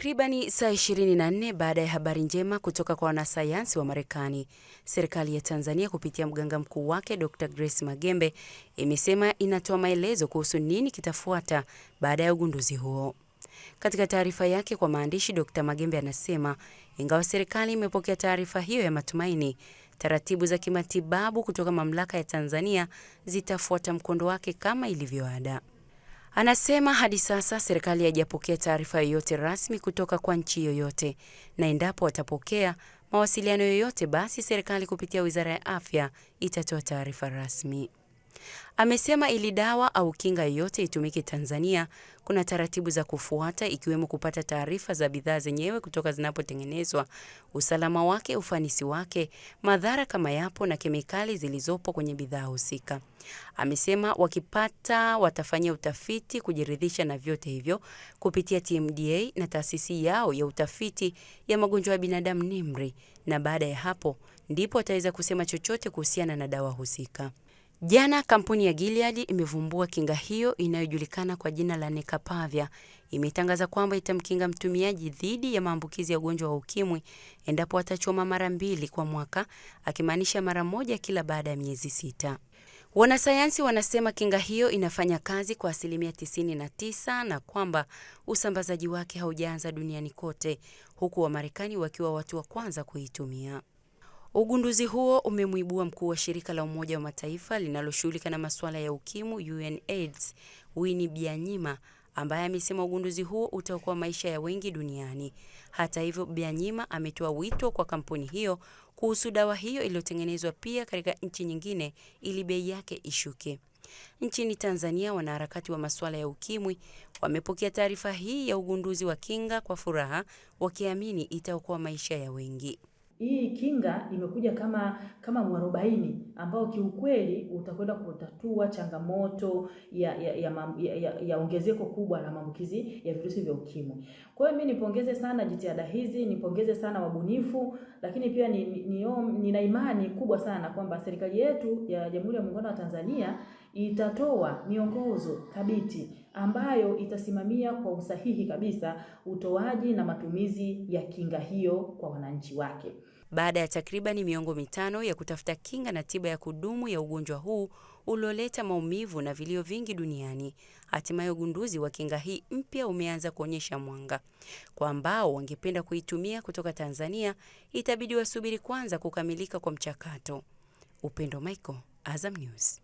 Takribani saa 24 baada ya habari njema kutoka kwa wanasayansi wa Marekani, serikali ya Tanzania kupitia mganga mkuu wake Dr. Grace Magembe imesema inatoa maelezo kuhusu nini kitafuata baada ya ugunduzi huo. Katika taarifa yake kwa maandishi, Dr. Magembe anasema ingawa serikali imepokea taarifa hiyo ya matumaini, taratibu za kimatibabu kutoka mamlaka ya Tanzania zitafuata mkondo wake kama ilivyoada Anasema hadi sasa serikali haijapokea taarifa yoyote rasmi kutoka kwa nchi yoyote, na endapo watapokea mawasiliano yoyote, basi serikali kupitia Wizara ya Afya itatoa taarifa rasmi. Amesema ili dawa au kinga yoyote itumike Tanzania, kuna taratibu za kufuata ikiwemo kupata taarifa za bidhaa zenyewe kutoka zinapotengenezwa, usalama wake, ufanisi wake, madhara kama yapo na kemikali zilizopo kwenye bidhaa husika. Amesema wakipata watafanyia utafiti kujiridhisha na vyote hivyo kupitia TMDA na taasisi yao ya utafiti ya magonjwa ya binadamu NIMRI, na baada ya hapo ndipo wataweza kusema chochote kuhusiana na dawa husika. Jana kampuni ya Gilead imevumbua kinga hiyo inayojulikana kwa jina la Nekapavia. Imetangaza kwamba itamkinga mtumiaji dhidi ya maambukizi ya ugonjwa wa ukimwi endapo atachoma mara mbili kwa mwaka, akimaanisha mara moja kila baada ya miezi sita. Wanasayansi wanasema kinga hiyo inafanya kazi kwa asilimia 99 na kwamba usambazaji wake haujaanza duniani kote, huku Wamarekani wakiwa watu wa kwanza kuitumia. Ugunduzi huo umemwibua mkuu wa shirika la Umoja wa Mataifa linaloshughulika na masuala ya ukimwi UNAIDS Winnie Byanyima ambaye amesema ugunduzi huo utaokoa maisha ya wengi duniani. Hata hivyo, Byanyima ametoa wito kwa kampuni hiyo kuhusu dawa hiyo iliyotengenezwa pia katika nchi nyingine ili bei yake ishuke. Nchini Tanzania, wanaharakati wa masuala ya ukimwi wamepokea taarifa hii ya ugunduzi wa kinga kwa furaha, wakiamini itaokoa maisha ya wengi. Hii kinga imekuja kama kama mwarobaini ambao kiukweli utakwenda kutatua changamoto ya ya ya, ya, ya, ya ongezeko kubwa la maambukizi ya virusi vya ukimwi. Kwa hiyo mimi nipongeze sana jitihada hizi, nipongeze sana wabunifu, lakini pia ni, ni, ni, nina imani kubwa sana kwamba serikali yetu ya Jamhuri ya Muungano wa Tanzania itatoa miongozo thabiti ambayo itasimamia kwa usahihi kabisa utoaji na matumizi ya kinga hiyo kwa wananchi wake. Baada ya takribani miongo mitano ya kutafuta kinga na tiba ya kudumu ya ugonjwa huu ulioleta maumivu na vilio vingi duniani, hatimaye ugunduzi wa kinga hii mpya umeanza kuonyesha mwanga. Kwa ambao wangependa kuitumia kutoka Tanzania, itabidi wasubiri kwanza kukamilika kwa mchakato. Upendo Michael, Azam News.